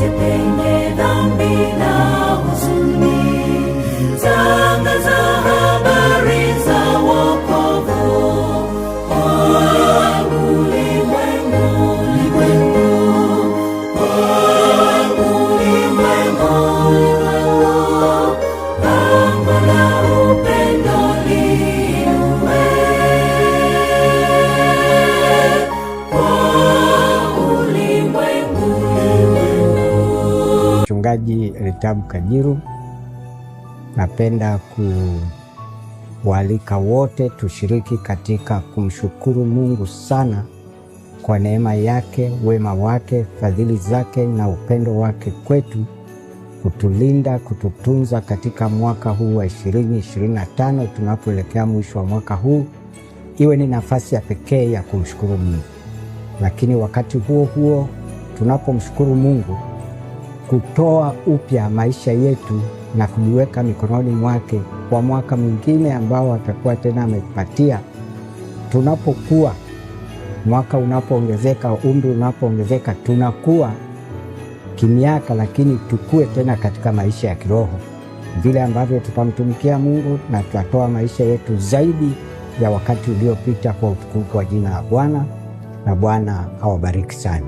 usipende dhambi Mchungaji Ritabu Kajiru, napenda kuwaalika wote tushiriki katika kumshukuru Mungu sana kwa neema yake, wema wake, fadhili zake na upendo wake kwetu kutulinda, kututunza katika mwaka huu wa 2025 tunapoelekea mwisho wa mwaka huu. Iwe ni nafasi ya pekee ya kumshukuru Mungu, lakini wakati huo huo tunapomshukuru Mungu kutoa upya maisha yetu na kujiweka mikononi mwake kwa mwaka mwingine ambao atakuwa tena amepatia. Tunapokuwa mwaka unapoongezeka, umri unapoongezeka, tunakuwa kimiaka, lakini tukue tena katika maisha ya kiroho, vile ambavyo tutamtumikia Mungu na tutatoa maisha yetu zaidi ya wakati uliopita kwa utukufu wa jina la Bwana. Na Bwana awabariki sana.